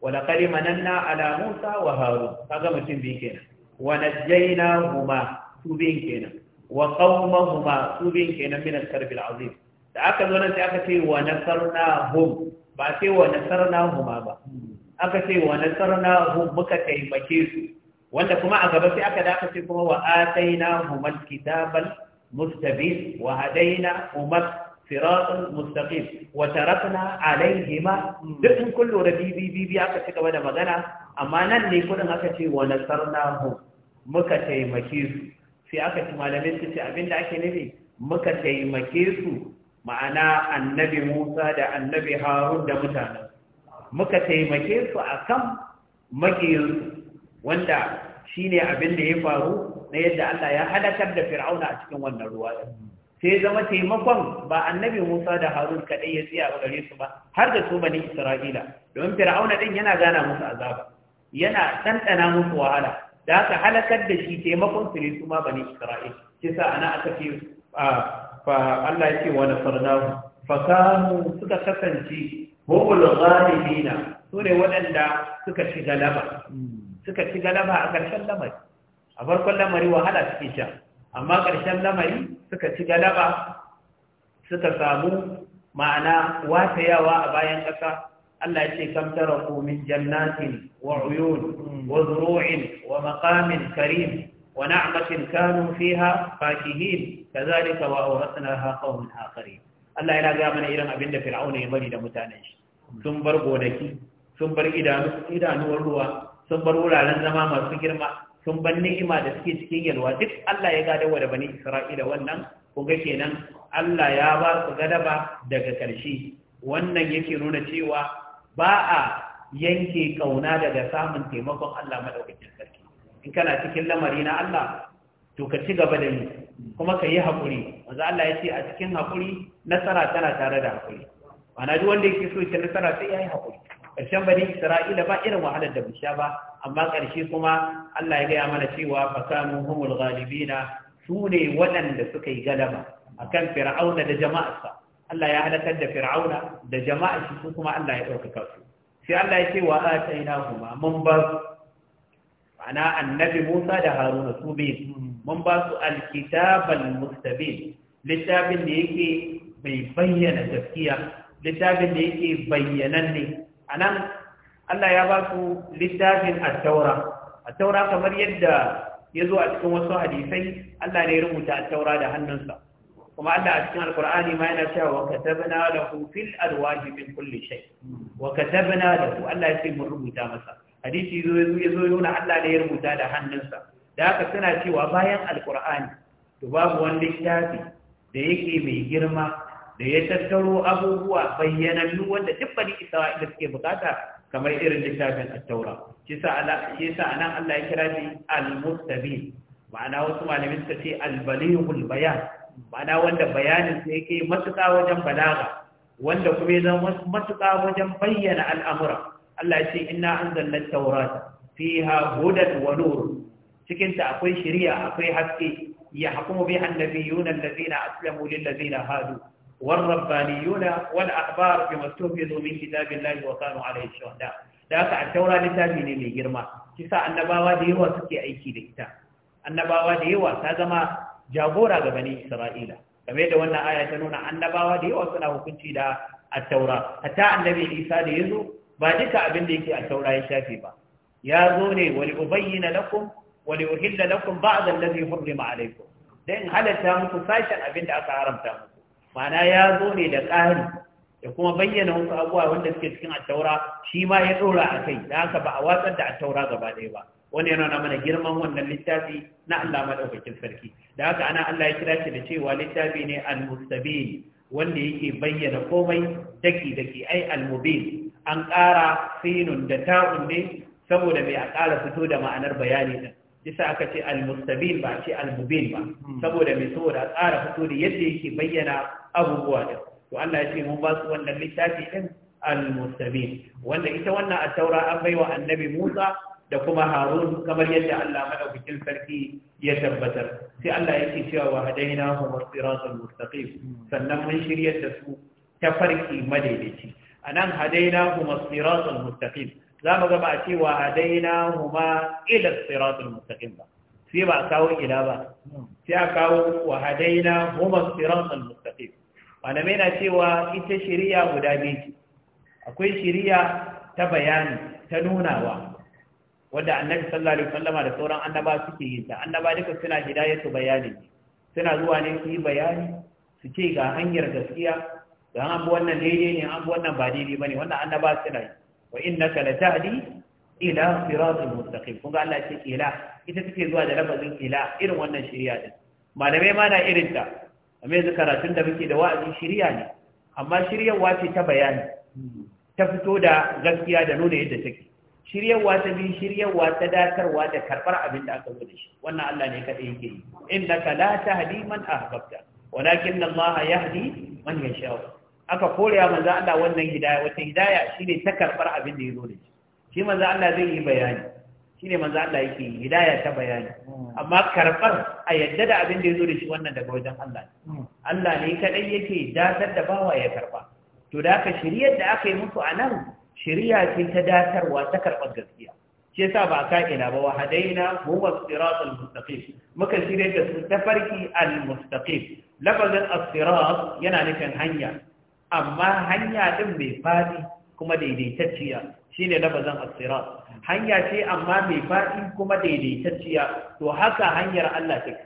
wala qad mananna ala musa wa harun kaga mutum biyu kenan jaina huma su biyu kenan wa huma su biyu kenan min al-karbil azim da aka zo nan sai aka ce wa hum. ba sai wa huma ba aka ce wa hum muka taimake su wanda kuma a gaba sai aka da aka ce kuma wa atainahum al-kitabal mustabin wa hadaina humar. siratul mustaqim wa tarakna alaihima hmm. duk in kullu da bibi bibi aka ci gaba da magana amma nan ne kudin aka ce wa nasarnahu muka taimake su sai aka ci malamin su ce abinda ake nufi muka taimake su ma'ana annabi Musa da annabi Harun da mutanen muka taimake su akan makiyinsu wanda shine abin da ya faru na yadda Allah ya halakar da Fir'auna a cikin wannan ruwa sai zama taimakon ba annabi Musa da Harun kaɗai ya tsaya a gare su ba har da su bani Isra'ila domin Fir'auna din yana gana musu azaba yana ɗanɗana musu wahala da aka halakar da shi taimakon su ne su ma bani Isra'ila kisa ana aka ce fa Allah ya ce wa nasarnahu fa kanu suka kasance hubul ghalibina su ne waɗanda suka ci galaba hmm. suka ci galaba a ƙarshen lamari a farkon lamari wahala suke sha amma ƙarshen lamari suka ci galaba suka samu ma'ana watayawa a bayan ƙasa Allah ya ce kam taraku min jannatin wa uyun wa zuru'in wa maqamin karim wa na'matin kanu fiha fakihin kazalika wa awratnaha qauman akharin Allah yana ga mana irin abinda Fir'auna ya bari da mutanen shi sun bar gonaki sun bar idanuwar ruwa sun bar wuraren zama masu girma sun ban ni'ima da suke cikin yalwa duk Allah ya gadawa da bani Isra'ila wannan kuga kenan Allah ya ba su gadaba daga ƙarshe wannan yake nuna cewa ba a yanke kauna daga samun taimakon Allah madaukakin sarki in kana cikin lamari na Allah to ka ci gaba da ni kuma ka yi haƙuri wanzu Allah ya ce a cikin haƙuri nasara tana tare da haƙuri ma'ana duk wanda yake so ya nasara sai ya yi haƙuri ƙarshen bani isra'ila ba irin wahalar da bisha ba amma ƙarshe kuma Allah ya gaya mana cewa fakanu humul ghalibina su ne waɗanda suka yi galaba akan fir'auna da jama'arsa Allah ya halakar da fir'auna da jama'arsa su kuma Allah ya ɗaukaka su sai Allah ya ce wa atainahuma mun ba su ana annabi Musa da Haruna su bi mun ba su alkitabal mustabin littafin da yake bai bayyana gaskiya littafin da yake bayyananne a nan Allah ya ba su littafin attaura attaura kamar yadda ya zo a cikin wasu hadisai Allah ne rubuta attaura da hannunsa kuma Allah a cikin alkur'ani ma yana cewa wa katabna lahu fil alwahi min kulli shay wa katabna lahu Allah ya ce mun rubuta masa hadisi zo ya zo yana Allah ne ya rubuta da hannunsa da haka suna cewa bayan alkur'ani to babu wani littafi da yake mai girma da ya tattaro abubuwa bayyanannu wanda duk bani isra'ila suke bukata kamar irin littafin at-taura shi sa sa anan Allah ya kira shi al-mustabin ma'ana wasu malamin ce al-balighul bayan ma'ana wanda bayanin sa yake matuƙa wajen balaga wanda kuma ya zama matuƙa wajen bayyana al'amura Allah ya ce inna anzalna at-taurata fiha hudan wa nur cikin ta akwai shari'a akwai haske ya hukumu bi annabiyuna allazina aslamu lil ladina hadu والربانيون والأحبار بما استوفدوا من كتاب الله وكانوا عليه الشهداء da haka a taura littafi ne mai girma kisa annabawa da yawa suke aiki da ita annabawa da yawa ta zama jagora ga bani isra'ila game da wannan aya ta nuna annabawa da yawa suna hukunci da attaura hatta annabi isa da yazo ba duka abin da yake a taura ya shafe ba ya zo ne wani ubayyana lakum wani uhilla lakum ba'd allazi hurrima alaykum dan halatta muku sashen abin da aka haramta muku ma'ana ya zo ne da ƙari da kuma bayyana wasu abubuwa wanda suke cikin attaura shi ma ya tsora a kai da haka ba a watsar da attaura gaba ɗaya ba wani yana nuna mana girman wannan littafi na Allah madaukakin sarki da haka ana Allah ya kira shi da cewa littafi ne al wanda yake bayyana komai daki daki ai al-mubin an ƙara sinun da ta'un ne saboda mai a ƙara fito da ma'anar bayani din yasa aka ce al-mustabil ba ce al-mubin ba hmm. saboda mai saboda a tsara fito da yadda yake bayyana abubuwa da to Allah ya ce mun ba su wannan littafi din al wanda ita wannan at-taura an baiwa annabi Musa da kuma Harun kamar yadda Allah madaukakin sarki ya tabbatar sai Allah yake cewa wa hadaina as-siratal mustaqim hmm. sannan mun shiryar da su tafarki madaidaici anan hadaina as-siratal mustaqim za mu gaba a cewa hadaina huma ila siratul mustaqim ba sai ba kawo ila ba sai a kawo wa hadaina huma siratul mustaqim malamai na cewa ita shari'a guda biyu ce. akwai shari'a ta bayani ta nunawa wanda annabi sallallahu alaihi wasallama da sauran annaba suke yin ta annaba duka suna su bayani suna zuwa ne su yi bayani su ce ga hanyar gaskiya ga an bi wannan daidai ne an bi wannan ba daidai bane wannan annaba suna yi wa innaka latahdi ila siratal mustaqim kun ga Allah ce ila ita take zuwa da lafazin ila irin wannan shari'a din malamai ma na irin ta amma yanzu karatun da muke da wa'azin shari'a ne amma shiryarwa ce ta bayani ta fito da gaskiya da nuna yadda take shiryarwa ta bi shiryarwa ta datarwa da karbar abin da aka zo da shi wannan Allah ne kadai yake yi innaka la tahdi man ahbabta walakin Allah yahdi man yasha aka kore ya manzo Allah wannan hidaya wata hidaya shine ta karbar abin da ya zo da shi shi manzo Allah zai yi bayani shine manzo Allah yake yi hidaya ta bayani amma karbar a yadda da abin da ya zo da shi wannan daga wajen Allah Allah ne kadai yake datar da bawa ya karba to da aka shiriyar da aka yi muku anan shiriya ce ta datarwa ta karbar gaskiya shi yasa ba ka ina ba wa hadaina huwa siratal mustaqim muka shirye da su tafarki al mustaqim lafazin as-sirat yana nufin hanya amma hanya ɗin mai faɗi kuma daidaitacciya shine lafazin as-sirat hanya ce amma mai faɗi kuma daidaitacciya to haka hanyar Allah take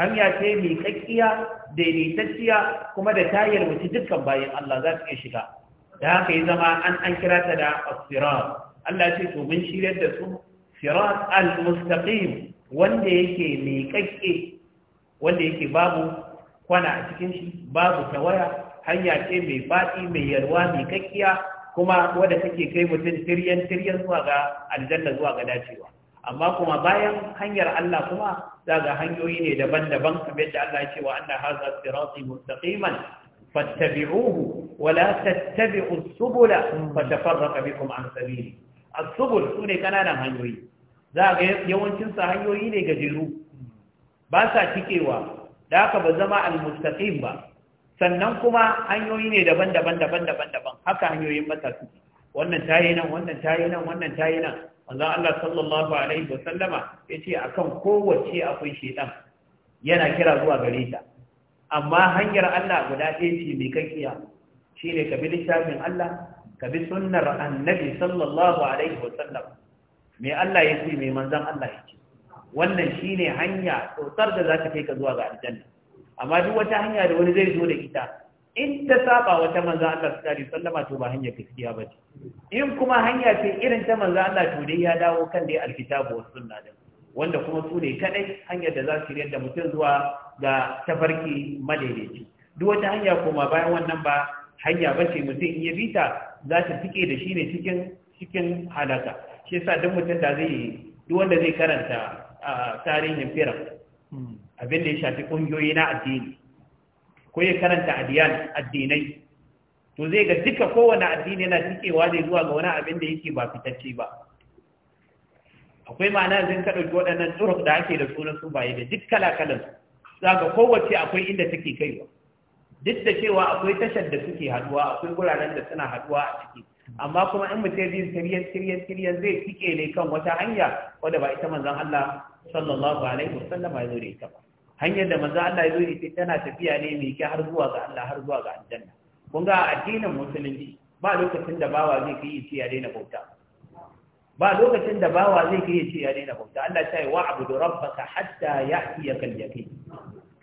hanya ce mai kakkiya daidaitacciya kuma da tayar wuce dukkan bayan Allah za su iya shiga da haka yi zama an an kira ta da as Allah ce to mun shiryar da su sirat al-mustaqim wanda yake mai kakke wanda yake babu kwana a cikin shi babu tawaya hanya ce mai faɗi mai yarwa, mai kakkiya kuma wadda take kai mutum tiryan tiryan zuwa ga aljanna zuwa ga dacewa amma kuma bayan hanyar Allah kuma za ga hanyoyi ne daban-daban kamar yadda Allah ya ce wa anna hadha sirati mustaqiman fattabi'uhu wa la tattabi'u subula fatafarraqa bikum an sabili as-subul sune kananan hanyoyi za ga yawancin sa hanyoyi ne gajeru ba sa cikewa da haka ba zama al-mustaqim ba sannan kuma hanyoyi ne daban-daban daban-daban daban haka hanyoyin matasu. suke wannan tayi nan wannan tayi nan wannan tayi nan manzon Allah sallallahu alaihi wasallama yace akan kowace akwai shedan yana kira zuwa gare ta amma hanyar Allah guda ɗaya ce mai kakkiya shine ka bi littafin Allah ka bi sunnar annabi sallallahu alaihi wasallam mai Allah ya ce mai manzon Allah ya ce wannan shine hanya tsotsar da za ta kai ka zuwa ga aljanna amma duk wata hanya da wani zai zo da ita in ta saba wata manzo Allah sallallahu alaihi wasallama to ba hanya gaskiya ba ce in kuma hanya ce irin ta manzo Allah to dai ya dawo kan dai alkitabu wa sunna da wanda kuma su ne kadai hanyar da za su yi da mutum zuwa ga tafarki madaidaici duk wata hanya kuma bayan wannan ba hanya ba ce mutum in ya bita za ta fike da shi ne cikin cikin halaka shi yasa duk mutum da zai duk wanda zai karanta ah, tarihin firan hmm. abin da ya shafi ƙungiyoyi na addini ko ya karanta adiyan addinai to zai ga duka kowane addini yana cikewa ne zuwa ga wani abin da yake ba fitacce ba akwai ma'ana zan ka ɗauki waɗannan tsurok da ake da sunan su baye da duk kala-kalan za ga kowace akwai inda take kaiwa duk da cewa akwai tashar da suke haduwa akwai guraren da suna haduwa a ciki amma kuma in mutum bin siriyar siriyar zai tike ne kan wata hanya wadda ba ita manzon Allah sallallahu alaihi wasallam ya zo da ita ba hanyar da manzo Allah ya zo ita tana tafiya ne mai kai har zuwa ga Allah har zuwa ga aljanna kun ga addinin musulunci ba lokacin da bawa zai kai yace ya daina bauta ba lokacin da bawa zai kai yace ya daina bauta Allah ya ce wa abudu rabbaka hatta ya'tiyaka al-yaqin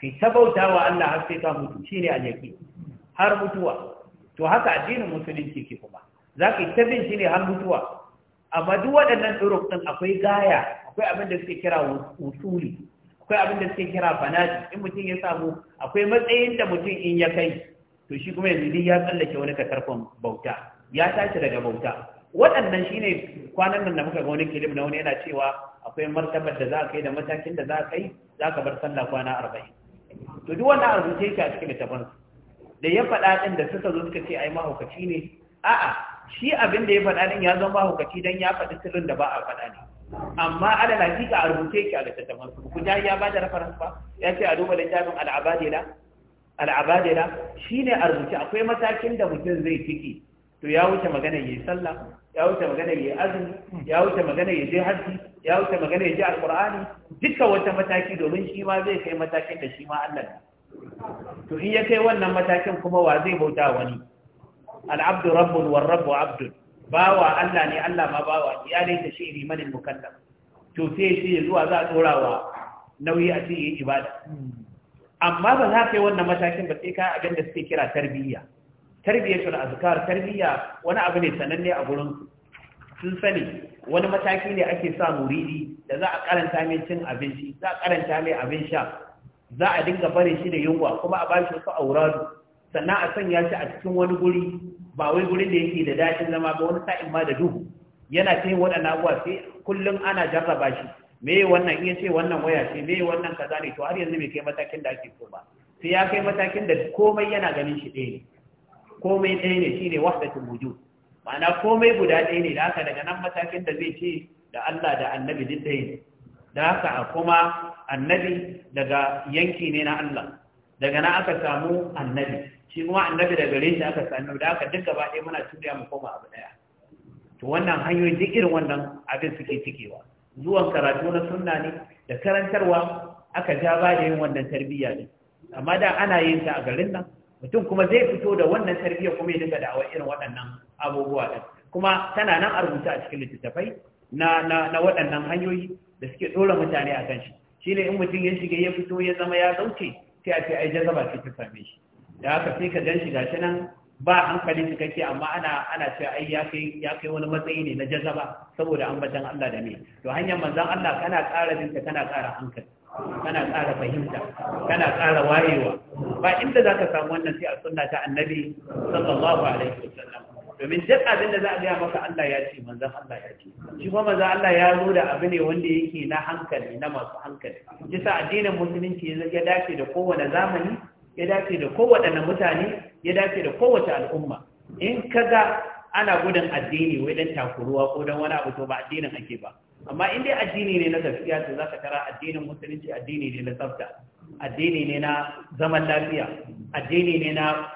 kai ta bautawa Allah har sai ka mutu shine al-yaqin har mutuwa to haka addinin musulunci ke kuma zaka yi tabin shine har mutuwa amma duk waɗannan ɗuruk akwai gaya akwai abin da suke kira usuli akwai abin da suke kira fanati in mutum ya samu akwai matsayin da mutum in ya kai to shi kuma yanzu ya tsallake wani kasarfan bauta ya tashi daga bauta waɗannan shi ne kwanan nan da muka ga wani kilim na wani yana cewa akwai martabar da za ka kai, da matakin da za ka kai za ka bar sallah kwana arba'in to duk wannan rubuce yake a cikin littafin da ya faɗa ɗin da suka zo suka ce ai mahaukaci ne a'a shi abin da ya faɗa ɗin ya zama mahaukaci don ya faɗi sirrin da ba a faɗa ne amma ala hakika a rubuce ki a littattafan su ku ya ba da reference ba ya ce a duba littafin al'abadila al'abadila shine a rubuce akwai matakin da mutum zai ciki to ya wuce magana ya sallah ya wuce magana yayi azumi ya wuce magana ya je haji ya wuce magana ya je alqur'ani dukkan wata mataki domin shi ma zai kai matakin da shi ma Allah to in ya kai wannan matakin kuma wa zai bauta wani al'abdu rabbun war rabbu abdun bawa Allah ne Allah ma bawa ya dai ta shi manin mukallaf to sai shi zuwa za a dorawa nauyi a cikin ibada amma ba za ka yi wannan matakin ba sai ka abin da suke kira tarbiyya Tarbiyya shi azkar tarbiyya wani abu ne sananne a gurin sun sani wani mataki ne ake sa muridi da za a karanta mai cin abinci za a karanta mai abin sha za a dinga barin shi da yunwa kuma a bashi su auradu sannan a sanya shi a cikin wani guri ba wai gurin da yake da dacin zama ba wani sa'in ma da duhu yana ta waɗannan abuwa sai kullum ana jarraba shi me wannan iya ce wannan waya ce me wannan kaza ne to har yanzu bai kai matakin da ake so ba sai ya kai matakin da komai yana ganin shi ɗaya ne komai ɗaya ne shine wahdatul wujud ma'ana komai guda ɗaya ne da haka daga nan matakin da zai ce da Allah da annabi duk ɗaya ne da haka kuma annabi daga yanki ne na Allah daga nan aka samu annabi shi kuma annabi da gare shi aka sami da aka duka ba ɗaya muna tudiya mu koma abu ɗaya to wannan hanyoyi duk irin wannan abin suke cikewa zuwan karatu na sunna ne da karantarwa aka ja ba da yin wannan tarbiyya ne amma da ana yin ta a garin nan mutum kuma zai fito da wannan tarbiyya kuma ya dinga da'awar irin waɗannan abubuwa ɗin kuma tana nan a rubuta a cikin littattafai na na waɗannan hanyoyi da suke ɗora mutane a kan shi shine in mutum ya shiga ya fito ya zama ya zauce sai a ce ai jazaba ce ta same shi da haka sai ka gan shi gashi nan ba hankali shi kake amma ana ana cewa ai ya kai ya kai wani matsayi ne na jazaba saboda ambatan Allah da me to hanyar manzon Allah kana ƙara binta kana ƙara hankali kana ƙara fahimta kana ƙara wayewa ba inda za ka samu wannan sai a sunna ta annabi sallallahu alaihi wasallam domin duk abin da za a gaya maka Allah ya ce manzan Allah ya ce shi kuma manzan Allah ya zo da abu ne wanda yake na hankali na masu hankali kisa addinin musulunci ya dace da kowane zamani ya dace da kowaɗanne mutane ya dace da kowace al'umma in ka ga ana gudun addini wai dan takuruwa ko dan wani abu to ba addinin ake ba amma in dai addini ne na gaskiya to zaka tara addinin musulunci addini ne na tsafta addini ne na zaman lafiya addini ne na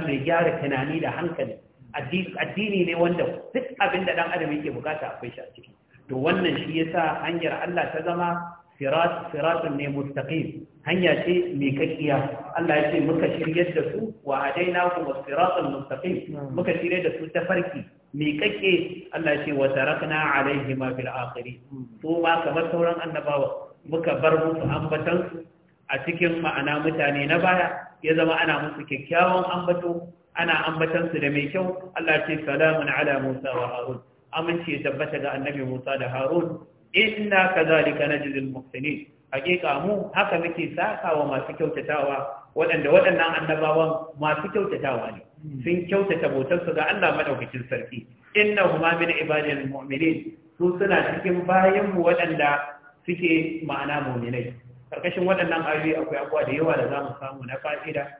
mai gyara tunani da hankali addini ne wanda duk abin da dan adam yake bukata akwai shi a ciki to wannan shi yasa hanyar Allah ta zama sirat siratun ne mustaqim hanya ce mai kakkiya Allah ya ce muka shiryar da su wa hadaina ku siratal mustaqim muka shirye da su ta farki mai kakke Allah ya ce wa tarakna alaihi ma bil akhirin to ma kamar sauran annabawa muka bar musu ambatan a cikin ma'ana mutane na baya ya zama ana musu kyakkyawan ambato ana ambatan su da mai kyau Allah ya ce salamun ala Musa wa Harun amince tabbata ga annabi Musa da Harun inna kadhalika najzil muhsinin hakika mu haka muke sakawa masu kyautatawa waɗanda waɗannan annabawan masu kyautatawa ne hmm. sun kyautata su ga Allah madaukakin sarki Inna huma min ibadil mu'minin su suna cikin bayan mu waɗanda suke ma'ana mu'minai karkashin waɗannan ayoyi akwai abuwa da yawa da za mu samu na fa'ida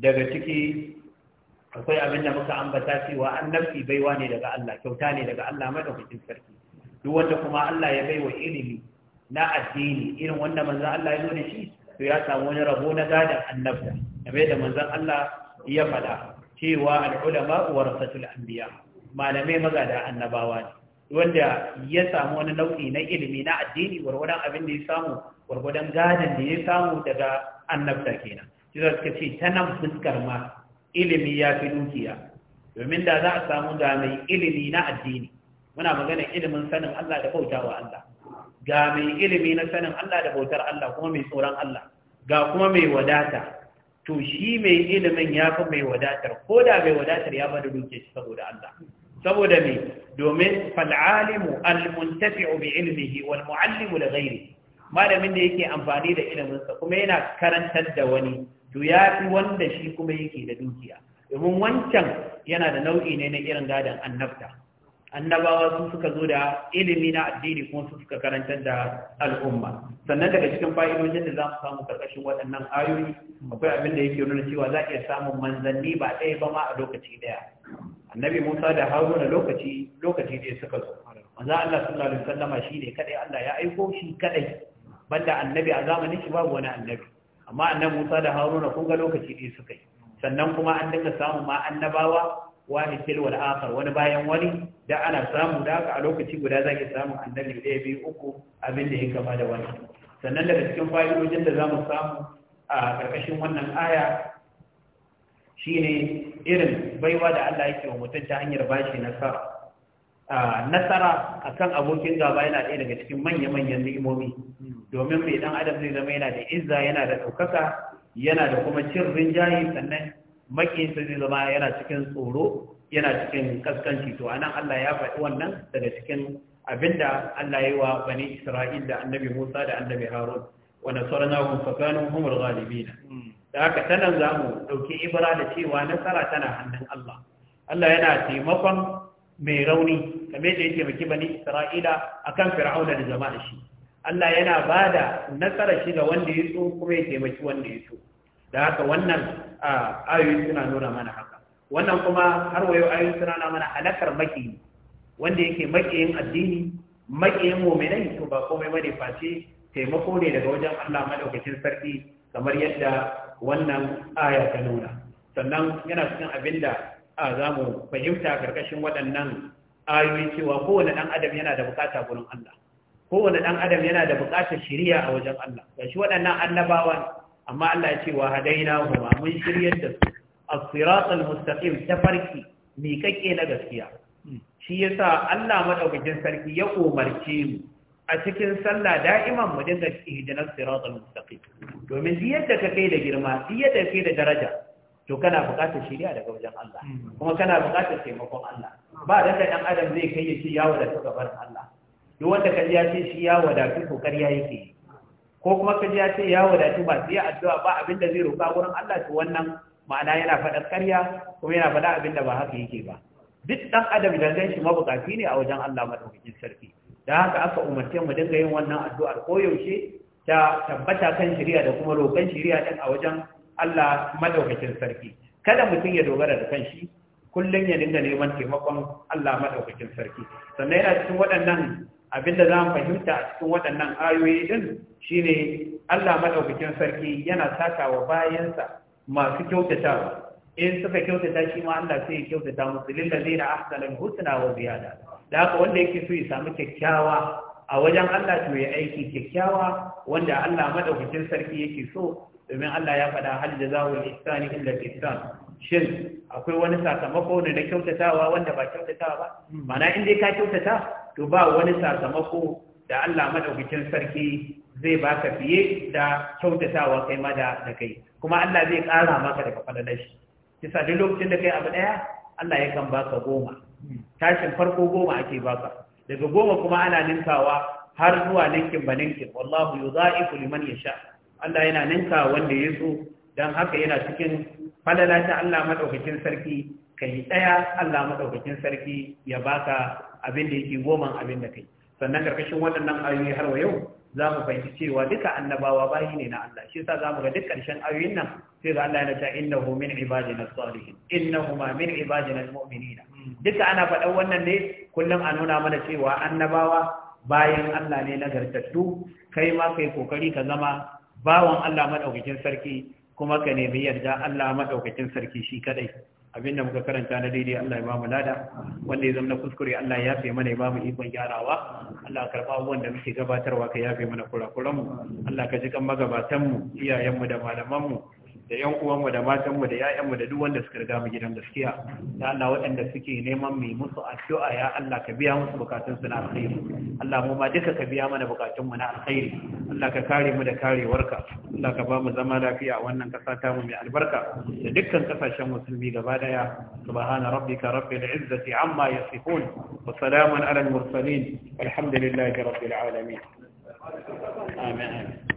daga ciki akwai abin da muka ambata cewa annabi baiwa ne daga Allah kyauta ne daga Allah madaukakin sarki duk wanda kuma Allah ya wa ilimi na addini irin wanda manzan Allah ya zo da shi to ya samu wani rabo na gadon annabta game da manzan Allah ya faɗa cewa al'ulama warasatul anbiya malamai magada annabawa ne wanda ya samu wani nau'i na ilimi na addini gwargwadon abin da ya samu gwargwadon gadon da ya samu daga annabta kenan shi za suka ce ta nan fuskar ma ilimi ya fi dukiya domin da za a samu ga mai ilimi na addini muna magana ilimin sanin Allah da bautawa Allah ga mai ilimi na sanin Allah da bautar Allah kuma mai tsoron Allah ga kuma mai wadata to shi mai ilimin ya fi mai wadatar ko da mai wadatar ya bada duke shi saboda Allah saboda me domin fal'alimu al-muntafi'u bi ilmihi wal mu'allimu da ghairi malamin da yake amfani da iliminsa kuma yana karantar da wani to ya fi wanda shi kuma yake da dukiya domin wancan yana da nau'i ne na irin gadon annabta annabawa su suka zo da ilimi na addini kuma su suka karantar da al'umma sannan daga cikin fa'idojin da za mu samu karkashin waɗannan ayoyi akwai abin da yake nuna cewa za a iya samun manzanni ba ɗaya ba ma a lokaci ɗaya annabi musa da haruna lokaci lokaci ɗaya suka zo manzo allah sallallahu alaihi shi shine kadai allah ya aiko shi kadai banda annabi a zamanin shi babu wani annabi amma annabi musa da haruna kun ga lokaci ne suka yi sannan kuma an dinga samun ma annabawa wani tilwal akhar wani bayan wani da ana samu da haka a lokaci guda zaki samu annabi ya biyu uku abin da ya kama da wani sannan daga cikin fa'idojin da zamu samu a karkashin wannan aya shine irin baiwa da Allah yake wa mutum ta hanyar bashi nasara nasara akan abokin gaba yana ɗaya daga cikin manya-manyan ni'imomi domin mai dan adam zai zama yana da izza yana da ɗaukaka yana da kuma cin rinjaye sannan makiyinsa zai zama yana cikin tsoro yana cikin kaskanci to anan Allah ya faɗi wannan daga cikin abinda Allah ya yi wa bani Isra'il da annabi Musa da annabi Harun wa nasarnahum fa kanu galibi ghalibin da haka tanan zamu ɗauki ibra da cewa nasara tana hannun Allah Allah yana taimakon mai rauni kamar da ya taimaki bani Isra'ila akan Fir'auna da jama'a shi Allah yana ba da nasara shi ga wanda ya so kuma ya taimaki wanda ya so da haka wannan ayoyi suna nuna mana haka wannan kuma har wayo ayoyi suna nuna mana halakar maki wanda yake makiyin addini makiyin mu'minai to ba komai bane face taimako ne daga wajen Allah madaukakin sarki kamar yadda wannan aya ta nuna sannan yana cikin abinda a zamu fahimta karkashin waɗannan ayoyi cewa kowane ɗan adam yana da bukata gurin Allah kowane ɗan adam yana da bukatar shiriya a wajen Allah ga shi waɗannan annabawan amma Allah ya ce wa hadaina huma mun shiryar da su as-sirat al-mustaqim tafarki mi kake na gaskiya hmm. shi yasa Allah madaukakin sarki ya umarce mu a cikin sallah da'iman mu dinga ihdinas sirat al-mustaqim domin yadda ka kai da girma shi yadda kai da daraja to kana buƙatar shiriya daga wajen Allah hmm. kuma kana buƙatar taimakon Allah ba da dan adam zai kai ya ce ya gaban Allah duk wanda ya ce shi ya wadatu to yake yi ko kuma ka ji ya ce ya wadatu ba yi addu'a ba abin da zai roƙa wurin Allah to wannan ma'ana yana faɗa ƙarya kuma yana faɗa abin da ba haka yake ba duk ɗan adam zan shi mabukaci ne a wajen Allah maɗaukakin sarki da haka aka umarce mu dinga yin wannan addu'ar yaushe ta tabbata kan shirya da kuma roƙon shirya ɗin a wajen Allah maɗaukakin sarki kada mutum ya dogara da kan shi kullum ya dinga neman taimakon Allah maɗaukakin sarki sannan yana cikin waɗannan abinda za mu fahimta a cikin waɗannan ayoyi din shine Allah madaukakin sarki yana takawa bayansa masu kyautata. in suka kyautata shi ma Allah sai ya kyautata musu lillazina ahsanul husna wa ziyada da haka wanda yake so ya samu kyakkyawa a wajen Allah to ya aiki kyakkyawa wanda Allah madaukakin sarki yake so domin Allah ya faɗa hal jazawul ihsani illa ihsan shin akwai wani sakamako ne na kyautatawa wanda ba kyautatawa ba mana in dai ka kyautata to ba wani sakamako da Allah madaukakin sarki zai baka fiye da kyautatawa kai ma da kai kuma Allah zai ƙara maka daga fadalar shi kisa duk lokacin da kai abu daya Allah yakan baka goma tashin farko goma ake baka daga goma kuma ana ninkawa har zuwa ninkin ba ninkin wallahu yudha'ifu liman yasha Allah yana ninka wanda ya so dan haka yana cikin falala ta Allah madaukakin sarki ka yi ɗaya Allah maɗaukakin sarki ya baka abin da yake goman abin da kai sannan karkashin waɗannan ayoyi har wa yau za mu fahimci cewa duka annabawa bayi ne na Allah shi yasa za mu ga duk ƙarshen ayoyin nan sai ga Allah ya ce innahu min ibadina salihin innahu ma min ibadina mu'minina duka ana faɗan wannan ne kullum a nuna mana cewa annabawa bayan Allah ne nagartattu kai ma kai kokari ka zama bawan Allah madaukakin sarki kuma ka nemi yarda Allah madaukakin sarki shi kadai abinda muka karanta na daidai Allah ya ba mu lada wanda ya zama kuskure Allah ya yafe mana ya ba mu ikon gyarawa Allah ka karba abubuwan da muke gabatarwa ka yafe mana kurakuranmu Allah ka ji kan magabatan mu da malamanmu. da yan uwanmu da matanmu da ƴaƴanmu da duk wanda suka riga mu gidan gaskiya da Allah waɗanda suke neman mu musu addu'a ya Allah ka biya musu bukatun su na alkhairi Allah mu ma duka ka biya mana bukatun mu na alkhairi Allah ka kare mu da karewarka Allah ka ba mu zama lafiya a wannan kasa ta mu mai albarka da dukkan kasashen musulmi gaba daya subhana rabbika rabbil izzati amma yasifun wa salamun ala al mursalin alhamdulillahi rabbil alamin amin